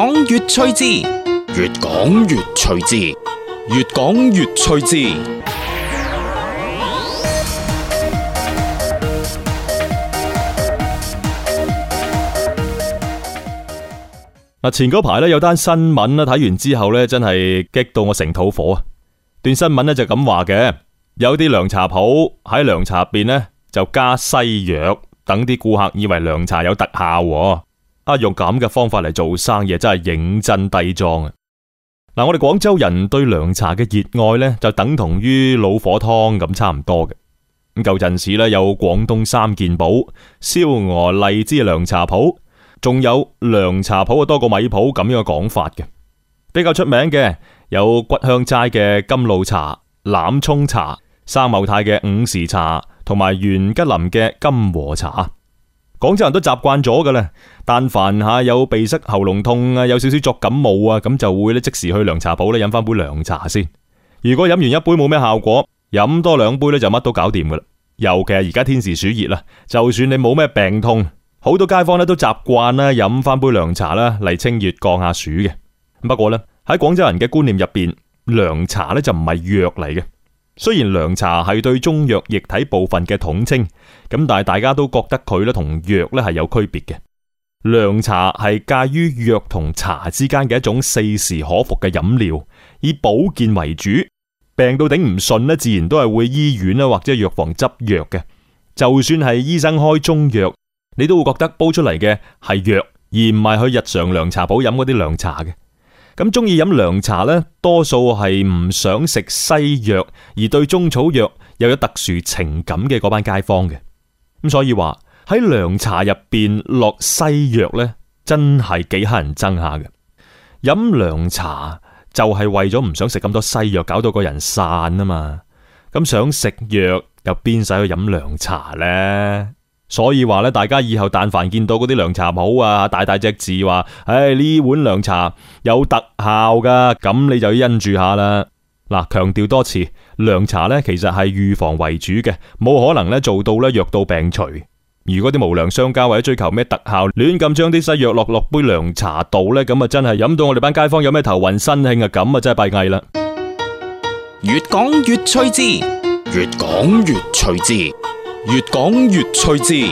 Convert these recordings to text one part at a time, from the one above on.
講越，越趣字，越講越趣字，越講越趣字。嗱，前嗰排咧有單新聞啦，睇完之後咧真係激到我成肚火啊！段新聞咧就咁話嘅，有啲涼茶鋪喺涼茶入邊咧就加西藥，等啲顧客以為涼茶有特效。啊用咁嘅方法嚟做生意，真係認真抵撞啊！嗱、嗯，我哋廣州人對涼茶嘅熱愛呢，就等同於老火湯咁差唔多嘅。咁舊陣時咧，有廣東三件寶：燒鵝、荔枝涼、涼茶鋪，仲有涼茶鋪啊，多過米鋪咁樣嘅講法嘅。比較出名嘅有骨香齋嘅金露茶、欖蔥茶、三茂泰嘅午時茶，同埋元吉林嘅金和茶。廣州人都習慣咗噶啦，但凡下有鼻塞、喉嚨痛啊，有少少作感冒啊，咁就會咧即時去涼茶鋪咧飲翻杯涼茶先。如果飲完一杯冇咩效果，飲多兩杯咧就乜都搞掂噶啦。尤其係而家天時暑熱啦，就算你冇咩病痛，好多街坊咧都習慣咧飲翻杯涼茶啦，嚟清熱降下暑嘅。不過咧喺廣州人嘅觀念入邊，涼茶咧就唔係藥嚟嘅。雖然涼茶係對中藥液體部分嘅統稱，咁但係大家都覺得佢咧同藥咧係有區別嘅。涼茶係介於藥同茶之間嘅一種四時可服嘅飲料，以保健為主。病到頂唔順咧，自然都係會醫院啦或者藥房執藥嘅。就算係醫生開中藥，你都會覺得煲出嚟嘅係藥，而唔係去日常涼茶鋪飲嗰啲涼茶嘅。咁中意飲涼茶呢，多數係唔想食西藥，而對中草藥又有特殊情感嘅嗰班街坊嘅。咁所以話喺涼茶入邊落西藥呢，真係幾乞人憎下嘅。飲涼茶就係為咗唔想食咁多西藥，搞到個人散啊嘛。咁想食藥又邊使去飲涼茶呢？所以話咧，大家以後但凡，凡見到嗰啲涼茶鋪啊，大大隻字話，唉、哎、呢碗涼茶有特效噶，咁你就要因住下啦。嗱，強調多次，涼茶咧其實係預防為主嘅，冇可能咧做到咧藥到病除。如果啲無良商家為咗追求咩特效，亂咁將啲西藥落落杯涼茶度呢，咁啊真係飲到我哋班街坊有咩頭暈身㷫啊，咁啊真係閉翳啦。越講越趣之，越講越趣字。越講越趣致，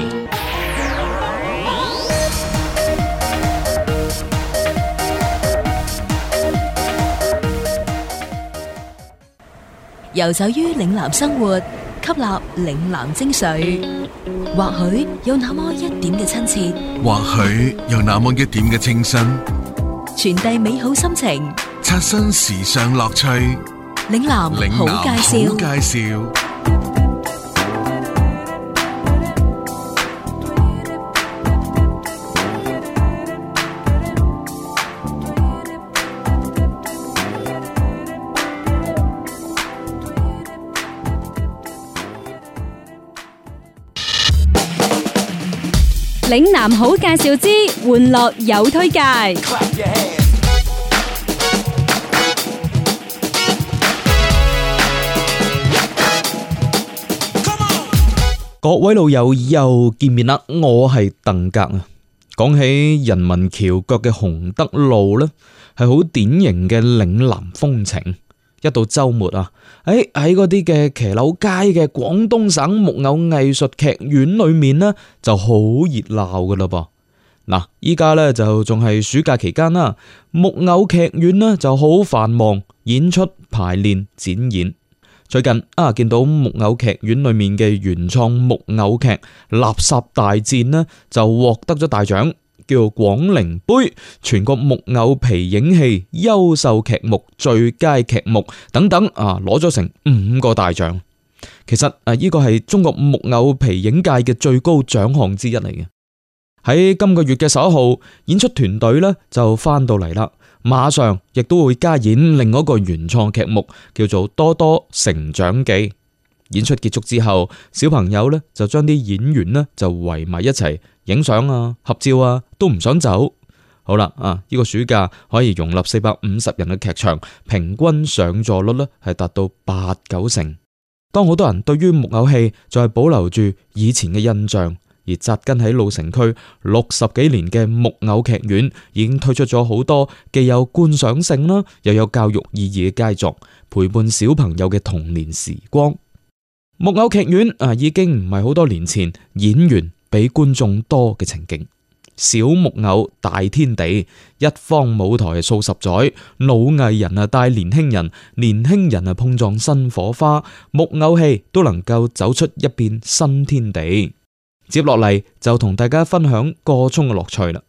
遊走於嶺南生活，吸納嶺南精髓，或許有那麼一點嘅親切，或許有那麼一點嘅清新，傳遞美好心情，刷新時尚樂趣。嶺南，嶺南好介紹。嶺南好介紹之，玩樂有推介。各位老友又見面啦，我係鄧格啊。講起人民橋腳嘅洪德路咧，係好典型嘅嶺南風情。一到周末啊，誒喺嗰啲嘅騎樓街嘅廣東省木偶藝術劇院裏面呢，就好熱鬧噶啦噃。嗱，依家咧就仲係暑假期間啦，木偶劇院呢就好繁忙，演出、排練、展演。最近啊，見到木偶劇院裏面嘅原創木偶劇《垃圾大戰》呢，就獲得咗大奬。叫廣陵杯全國木偶皮影戲優秀劇目最佳劇目等等啊，攞咗成五個大獎。其實啊，呢個係中國木偶皮影界嘅最高獎項之一嚟嘅。喺今個月嘅十一號，演出團隊呢，就翻到嚟啦，馬上亦都會加演另外一個原創劇目，叫做《多多成長記》。演出結束之後，小朋友呢，就將啲演員呢，就圍埋一齊。影相啊，合照啊，都唔想走。好啦，啊，呢個暑假可以容納四百五十人嘅劇場，平均上座率呢係達到八九成。當好多人對於木偶戲仲係保留住以前嘅印象，而紮根喺老城區六十幾年嘅木偶劇院，已經推出咗好多既有觀賞性啦，又有教育意義嘅佳作，陪伴小朋友嘅童年時光。木偶劇院啊，已經唔係好多年前演員。比觀眾多嘅情景，小木偶大天地，一方舞台數十載，老藝人啊帶年輕人，年輕人啊碰撞新火花，木偶戲都能夠走出一片新天地。接落嚟就同大家分享箇中嘅樂趣啦。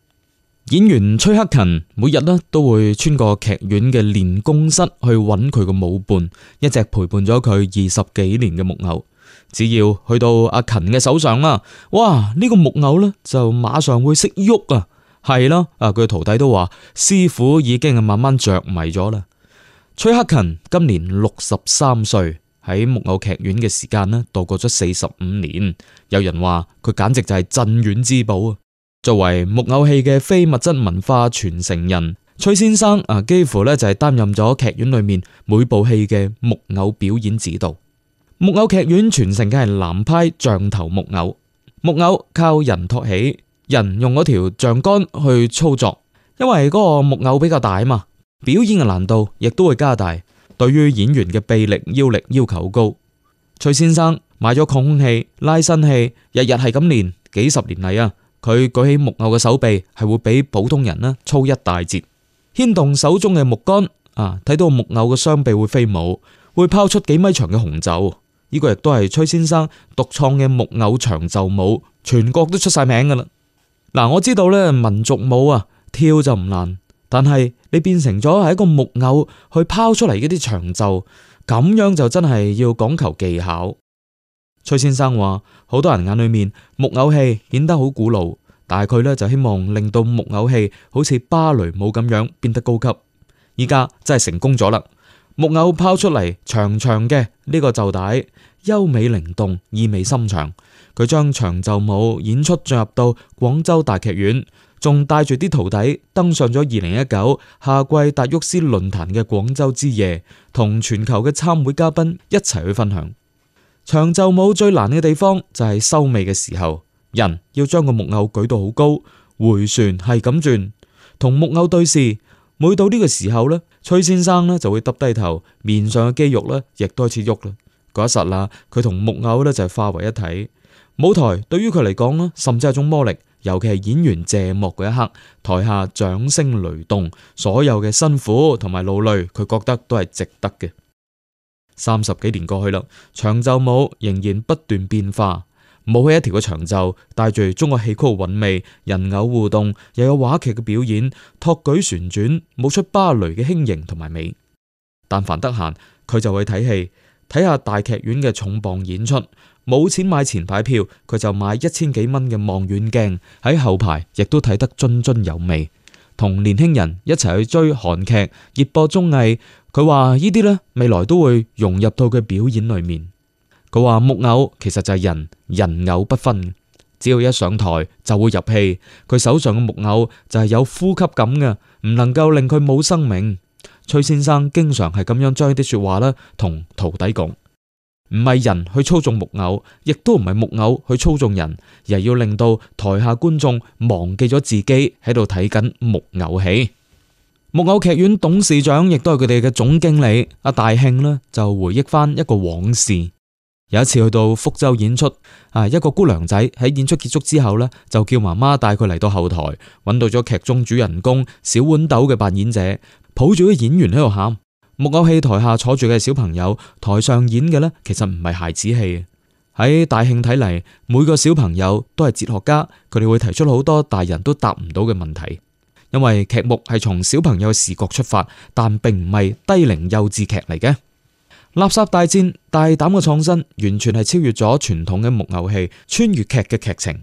演員崔克勤每日咧都會穿過劇院嘅練功室去揾佢個舞伴，一直陪伴咗佢二十幾年嘅木偶。只要去到阿勤嘅手上啦，哇！呢個木偶呢，就馬上會識喐啊，係啦，啊佢徒弟都話，師傅已經係慢慢着迷咗啦。崔克勤今年六十三歲，喺木偶劇院嘅時間呢，度過咗四十五年。有人話佢簡直就係鎮院之寶啊！作為木偶戲嘅非物質文化傳承人，崔先生啊，幾乎呢，就係擔任咗劇院裏面每部戲嘅木偶表演指導。木偶劇院傳承嘅係南派杖頭木偶，木偶靠人托起，人用嗰條杖桿去操作，因為嗰個木偶比較大啊嘛，表演嘅難度亦都會加大，對於演員嘅臂力、腰力要求高。崔先生買咗擴胸器、拉伸器，日日係咁練，幾十年嚟啊，佢舉起木偶嘅手臂係會比普通人啦粗一大截，牽動手中嘅木杆啊，睇到木偶嘅雙臂會飛舞，會拋出幾米長嘅紅袖。呢個亦都係崔先生獨創嘅木偶長袖舞，全國都出晒名噶啦。嗱，我知道咧，民族舞啊跳就唔難，但係你變成咗係一個木偶去拋出嚟一啲長袖，咁樣就真係要講求技巧。崔先生話，好多人眼裏面木偶戲顯得好古老，但係佢咧就希望令到木偶戲好似芭蕾舞咁樣變得高級。依家真係成功咗啦！木偶拋出嚟，長長嘅呢個袖帶，優美靈動，意味深長。佢將長袖舞演出進入到廣州大劇院，仲帶住啲徒弟登上咗二零一九夏季達沃斯論壇嘅廣州之夜，同全球嘅參會嘉賓一齊去分享。長袖舞最難嘅地方就係收尾嘅時候，人要將個木偶舉到好高，回旋係咁轉，同木偶對視。每到呢個時候呢，崔先生呢就會耷低頭，面上嘅肌肉呢亦都開始喐啦。嗰一剎那，佢同木偶呢就化為一體。舞台對於佢嚟講呢，甚至係一種魔力。尤其係演員謝幕嗰一刻，台下掌聲雷動，所有嘅辛苦同埋勞累，佢覺得都係值得嘅。三十幾年過去啦，長袖舞仍然不斷變化。舞起一條嘅長袖，帶住中國戲曲嘅韻味，人偶互動又有話劇嘅表演，托舉旋轉舞出芭蕾嘅輕盈同埋美。但凡得閒，佢就去睇戲，睇下大劇院嘅重磅演出。冇錢買前排票，佢就買一千幾蚊嘅望遠鏡喺後排，亦都睇得津津有味。同年輕人一齊去追韓劇、熱播綜藝，佢話呢啲呢，未來都會融入到佢表演裏面。佢話木偶其實就係人，人偶不分，只要一上台就會入戲。佢手上嘅木偶就係有呼吸感嘅，唔能夠令佢冇生命。崔先生經常係咁樣將啲說話咧，同徒弟講，唔係人去操縱木偶，亦都唔係木偶去操縱人，而要令到台下觀眾忘記咗自己喺度睇緊木偶戲。木偶劇院董事長亦都係佢哋嘅總經理阿大慶呢，就回憶翻一個往事。有一次去到福州演出，啊，一個姑娘仔喺演出結束之後呢，就叫媽媽帶佢嚟到後台，揾到咗劇中主人公小豌豆嘅扮演者，抱住啲演員喺度喊。木偶戲台下坐住嘅小朋友，台上演嘅呢，其實唔係孩子氣。喺大慶睇嚟，每個小朋友都係哲學家，佢哋會提出好多大人都答唔到嘅問題，因為劇目係從小朋友嘅視角出發，但並唔係低齡幼稚劇嚟嘅。垃圾大戰大膽嘅創新，完全係超越咗傳統嘅木偶戲穿越劇嘅劇情，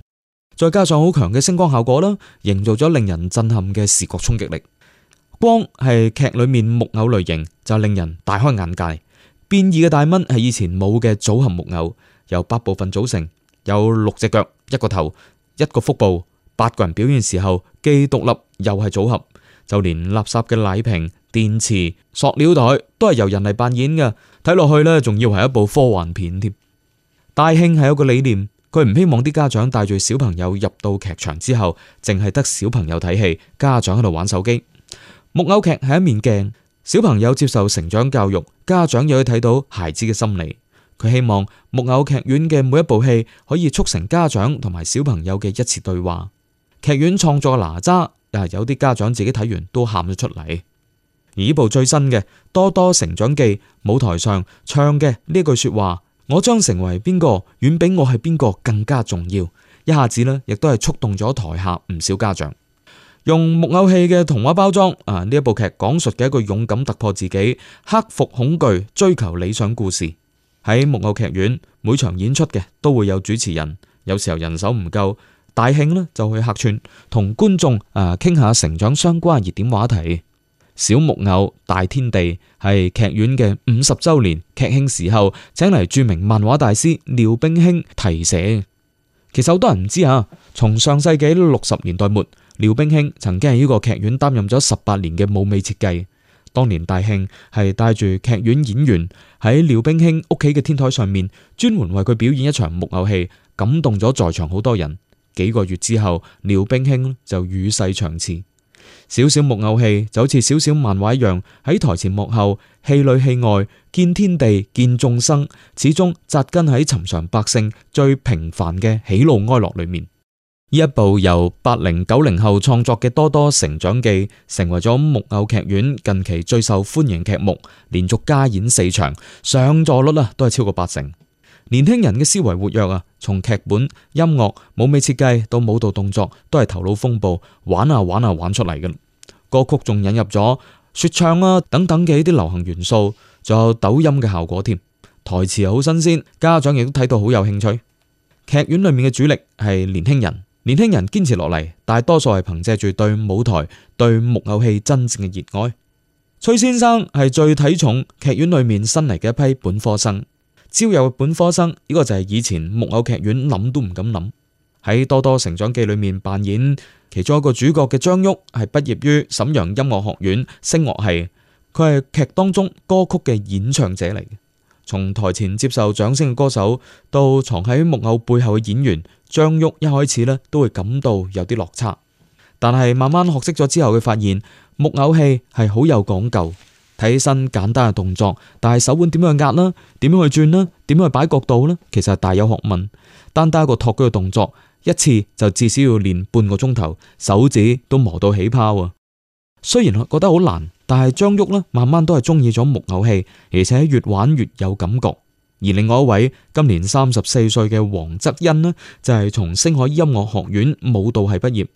再加上好強嘅聲光效果啦，營造咗令人震撼嘅視覺衝擊力。光係劇裏面木偶類型就令人大開眼界。變異嘅大蚊係以前冇嘅組合木偶，由八部分組成，有六隻腳、一個頭、一個腹部。八個人表演時候既獨立又係組合，就連垃圾嘅奶瓶、電池、塑料袋，都係由人嚟扮演嘅。睇落去呢，仲要係一部科幻片添。大慶係有個理念，佢唔希望啲家長帶住小朋友入到劇場之後，淨係得小朋友睇戲，家長喺度玩手機。木偶劇係一面鏡，小朋友接受成長教育，家長又可以睇到孩子嘅心理。佢希望木偶劇院嘅每一部戲可以促成家長同埋小朋友嘅一次對話。劇院創作《哪吒》，有啲家長自己睇完都喊咗出嚟。而呢部最新嘅《多多成長記》，舞台上唱嘅呢句說話：我將成為邊個，遠比我係邊個更加重要。一下子呢，亦都係觸動咗台下唔少家長。用木偶戲嘅童話包裝，啊，呢一部劇講述嘅一個勇敢突破自己、克服恐懼、追求理想故事。喺木偶劇院每場演出嘅都會有主持人，有時候人手唔夠，大慶呢就去客串，同觀眾啊傾下成長相關熱點話題。小木偶大天地，係劇院嘅五十周年劇慶時候，請嚟著名漫畫大師廖冰卿題寫。其實好多人唔知啊，從上世紀六十年代末，廖冰卿曾經喺呢個劇院擔任咗十八年嘅舞美設計。當年大慶係帶住劇院演員喺廖冰卿屋企嘅天台上面，專門為佢表演一場木偶戲，感動咗在場好多人。幾個月之後，廖冰卿就與世長辭。小小木偶戲就好似小小漫畫一樣，喺台前幕後、戲裏戲外，見天地、見眾生，始終扎根喺尋常百姓最平凡嘅喜怒哀樂裏面。呢一部由八零九零後創作嘅《多多成長記》，成為咗木偶劇院近期最受歡迎劇目，連續加演四場，上座率啊都係超過八成。年輕人嘅思維活躍啊，從劇本、音樂、舞美設計到舞蹈動作，都係頭腦風暴玩啊玩啊玩出嚟嘅。歌曲仲引入咗說唱啊等等嘅一啲流行元素，仲有抖音嘅效果添。台詞又好新鮮，家長亦都睇到好有興趣。劇院裏面嘅主力係年輕人，年輕人堅持落嚟，大多數係憑借住對舞台、對木偶戲真正嘅熱愛。崔先生係最睇重劇院裏面新嚟嘅一批本科生。招有本科生呢、呢個就係以前木偶劇院諗都唔敢諗。喺多多成長記裏面扮演其中一個主角嘅張旭係畢業於沈陽音樂學院聲樂係，佢係劇當中歌曲嘅演唱者嚟。從台前接受掌聲嘅歌手到藏喺木偶背後嘅演員張旭，一開始呢都會感到有啲落差，但係慢慢學識咗之後，佢發現木偶戲係好有講究。睇起身簡單嘅動作，但係手腕點樣去壓呢？點樣去轉呢？點樣去擺角度呢？其實大有學問。單單一個托舉嘅動作，一次就至少要練半個鐘頭，手指都磨到起泡啊！雖然覺得好難，但係張旭呢，慢慢都係中意咗木偶戲，而且越玩越有感覺。而另外一位今年三十四歲嘅黃則恩呢，就係從星海音樂學院舞蹈系畢業。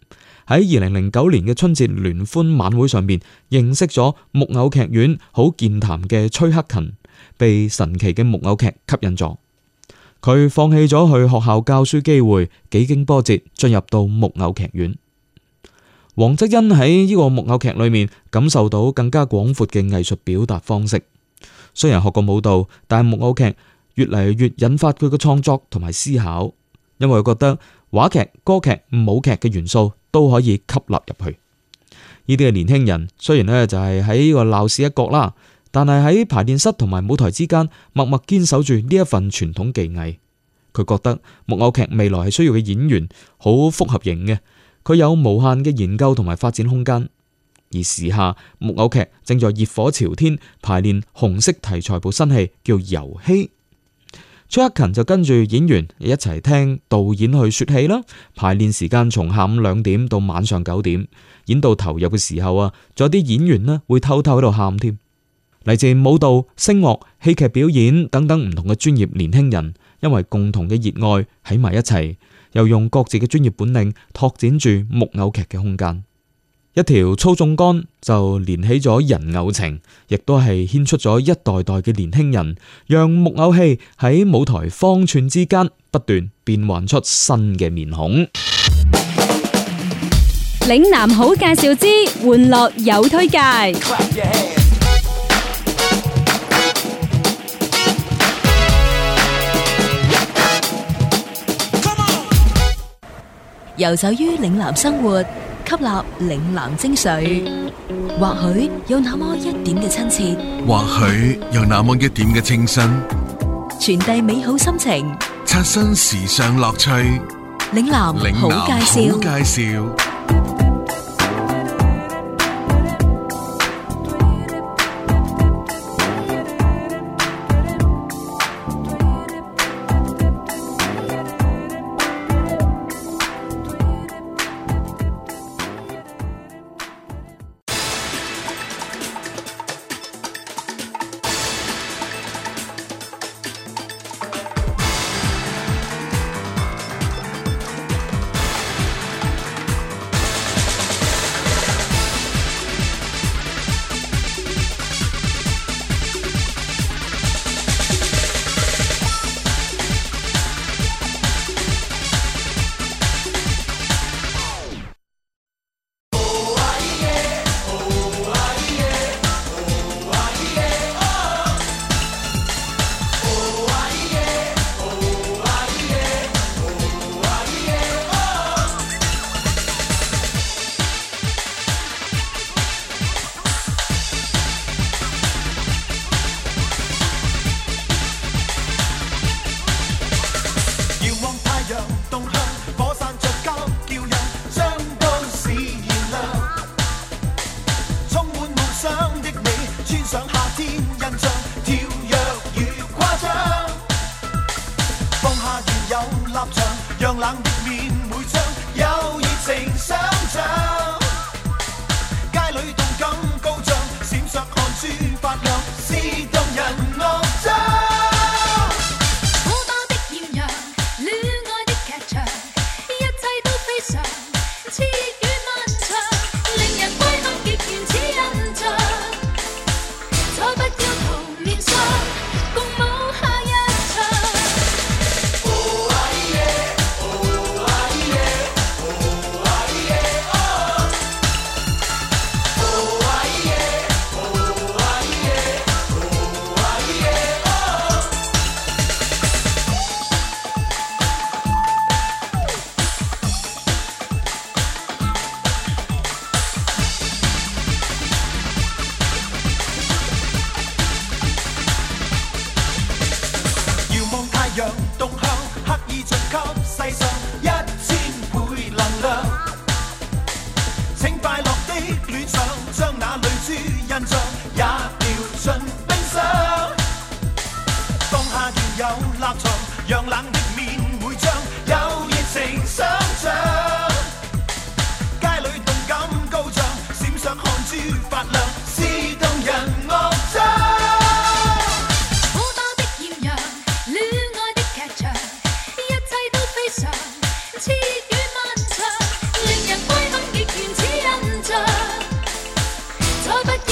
喺二零零九年嘅春節聯歡晚會上面認識咗木偶劇院好健談嘅崔克勤，被神奇嘅木偶劇吸引咗。佢放棄咗去學校教書機會，幾經波折進入到木偶劇院。王則恩喺呢個木偶劇裏面感受到更加廣闊嘅藝術表達方式。雖然學過舞蹈，但木偶劇越嚟越引發佢嘅創作同埋思考，因為佢覺得話劇、歌劇、舞劇嘅元素。都可以吸納入去。呢啲嘅年輕人雖然呢就係喺呢個鬧市一角啦，但係喺排練室同埋舞台之間默默堅守住呢一份傳統技藝。佢覺得木偶劇未來係需要嘅演員好複合型嘅，佢有無限嘅研究同埋發展空間。而時下木偶劇正在熱火朝天，排練紅色題材部新戲，叫《遊戲》。卓克勤就跟住演員一齊聽導演去說戲啦，排練時間從下午兩點到晚上九點，演到投入嘅時候啊，仲有啲演員呢會偷偷喺度喊添。嚟自舞蹈、聲樂、戲劇表演等等唔同嘅專業年輕人，因為共同嘅熱愛喺埋一齊，又用各自嘅專業本領拓展住木偶劇嘅空間。一條操縱桿就連起咗人偶情，亦都係牽出咗一代代嘅年輕人，讓木偶戲喺舞台方寸之間不斷變幻出新嘅面孔。嶺南好介紹之，玩樂有推介。游走於嶺南生活。吸納嶺南精髓，或許有那麼一點嘅親切，或許有那麼一點嘅清新，傳遞美好心情，刷新時尚樂趣。嶺南好介紹。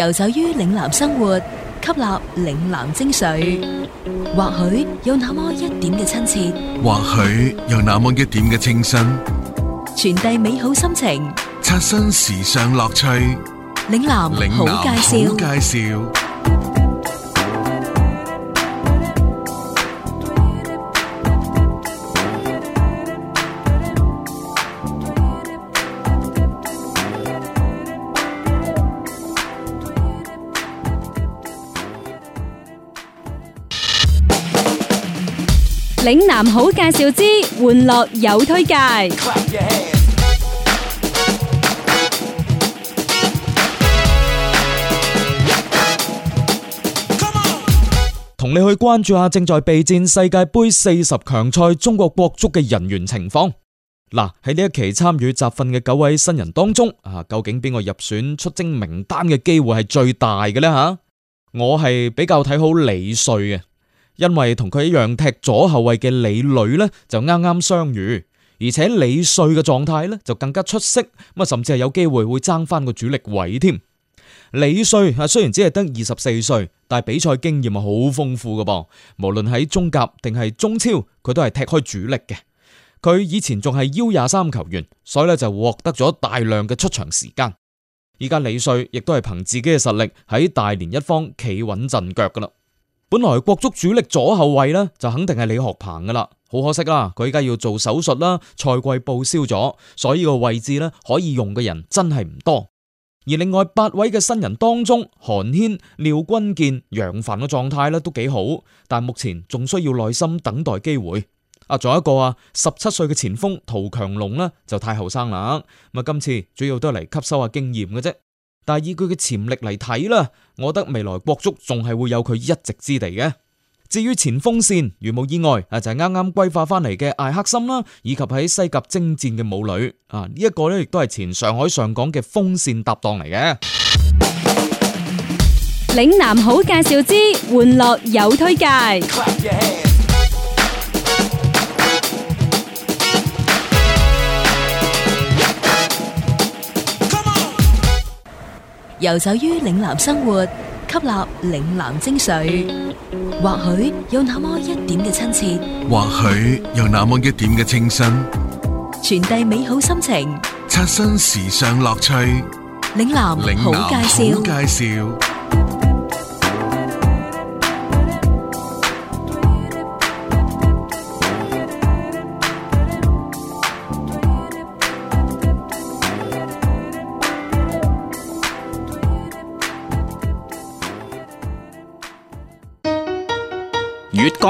遊走於嶺南生活，吸納嶺南精髓，或許有那麼一點嘅親切，或許有那麼一點嘅清新，傳遞美好心情，刷新時尚樂趣。嶺南好介紹。嶺南好介紹之，玩樂有推介。同你去關注下正在備戰世界杯四十強賽中國國足嘅人員情況。嗱、啊，喺呢一期參與集訓嘅九位新人當中，啊，究竟邊個入選出征名單嘅機會係最大嘅呢？吓、啊，我係比較睇好李帥嘅。因為同佢一樣踢左後衛嘅李磊呢，就啱啱傷愈。而且李帥嘅狀態呢，就更加出色，咁甚至係有機會會爭翻個主力位添。李帥啊雖然只係得二十四歲，但係比賽經驗啊好豐富噶噃，無論喺中甲定係中超，佢都係踢開主力嘅。佢以前仲係 U 廿三球員，所以咧就獲得咗大量嘅出場時間。而家李帥亦都係憑自己嘅實力喺大連一方企穩陣腳噶啦。本來國足主力左後衛呢，就肯定係李學鵬噶啦，好可惜啊，佢依家要做手術啦，賽季報銷咗，所以個位置呢，可以用嘅人真係唔多。而另外八位嘅新人當中，韓軒、廖軍健、楊帆嘅狀態呢都幾好，但目前仲需要耐心等待機會。啊，仲有一個啊，十七歲嘅前鋒陶強龍呢，就太後生啦，咁啊，今次主要都係嚟吸收下經驗嘅啫。但係以佢嘅潛力嚟睇啦，我覺得未來國足仲係會有佢一席之地嘅。至於前鋒線，如無意外啊，就係啱啱歸化翻嚟嘅艾克森啦，以及喺西甲征戰嘅武磊啊，呢一個咧亦都係前上海上港嘅鋒線搭檔嚟嘅。嶺南好介紹之，玩樂有推介。遊走於嶺南生活，吸納嶺南精髓，或許有那麼一點嘅親切，或許有那麼一點嘅清新，傳遞美好心情，刷新時尚樂趣。嶺南好介紹，好介紹。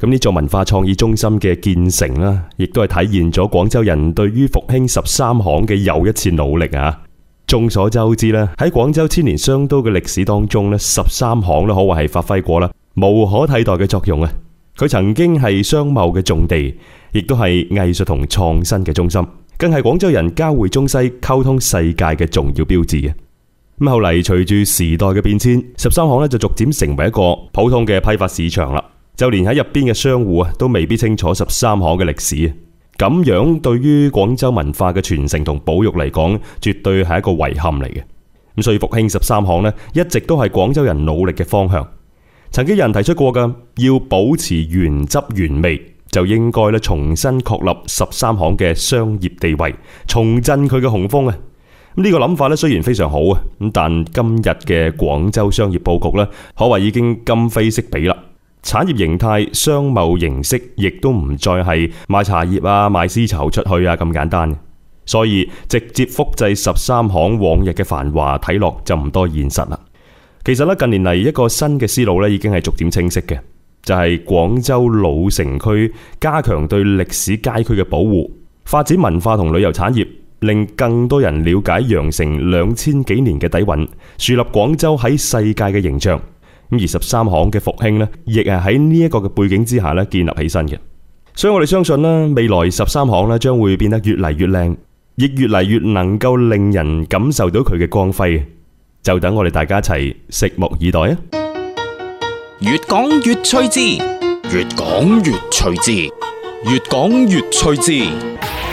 咁呢座文化創意中心嘅建成啦，亦都係體現咗廣州人對於復興十三行嘅又一次努力啊！眾所周知啦，喺廣州千年商都嘅歷史當中呢，十三行呢可謂係發揮過啦，無可替代嘅作用啊！佢曾經係商貿嘅重地，亦都係藝術同創新嘅中心，更係廣州人交匯中西、溝通世界嘅重要標誌啊！咁後嚟隨住時代嘅變遷，十三行呢就逐漸成為一個普通嘅批發市場啦。就連喺入邊嘅商戶啊，都未必清楚十三行嘅歷史。咁樣對於廣州文化嘅傳承同保育嚟講，絕對係一個遺憾嚟嘅。咁所以復興十三行呢，一直都係廣州人努力嘅方向。曾經有人提出過嘅，要保持原汁原味，就應該咧重新確立十三行嘅商業地位，重振佢嘅雄風啊。呢個諗法咧，雖然非常好啊，咁但今日嘅廣州商業布局咧，可謂已經今非昔比啦。產業形態、商貿形式，亦都唔再係賣茶葉啊、賣絲綢出去啊咁簡單。所以直接複製十三行往日嘅繁華，睇落就唔多現實啦。其實呢，近年嚟一個新嘅思路呢，已經係逐漸清晰嘅，就係廣州老城區加強對歷史街區嘅保護，發展文化同旅遊產業，令更多人了解羊城兩千幾年嘅底蘊，樹立廣州喺世界嘅形象。咁而十三行嘅復興呢，亦係喺呢一個嘅背景之下呢建立起身嘅，所以我哋相信呢，未來十三行呢將會變得越嚟越靚，亦越嚟越能夠令人感受到佢嘅光輝，就等我哋大家一齊拭目以待啊！越講越趣致，越講越趣致，越講越趣致。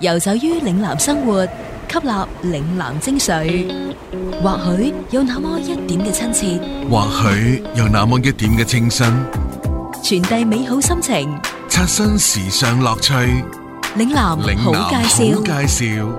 游走於嶺南生活，吸納嶺南精髓，或許有那麼一點嘅親切，或許有那麼一點嘅清新，傳遞美好心情，刷新時尚樂趣。嶺南好介紹。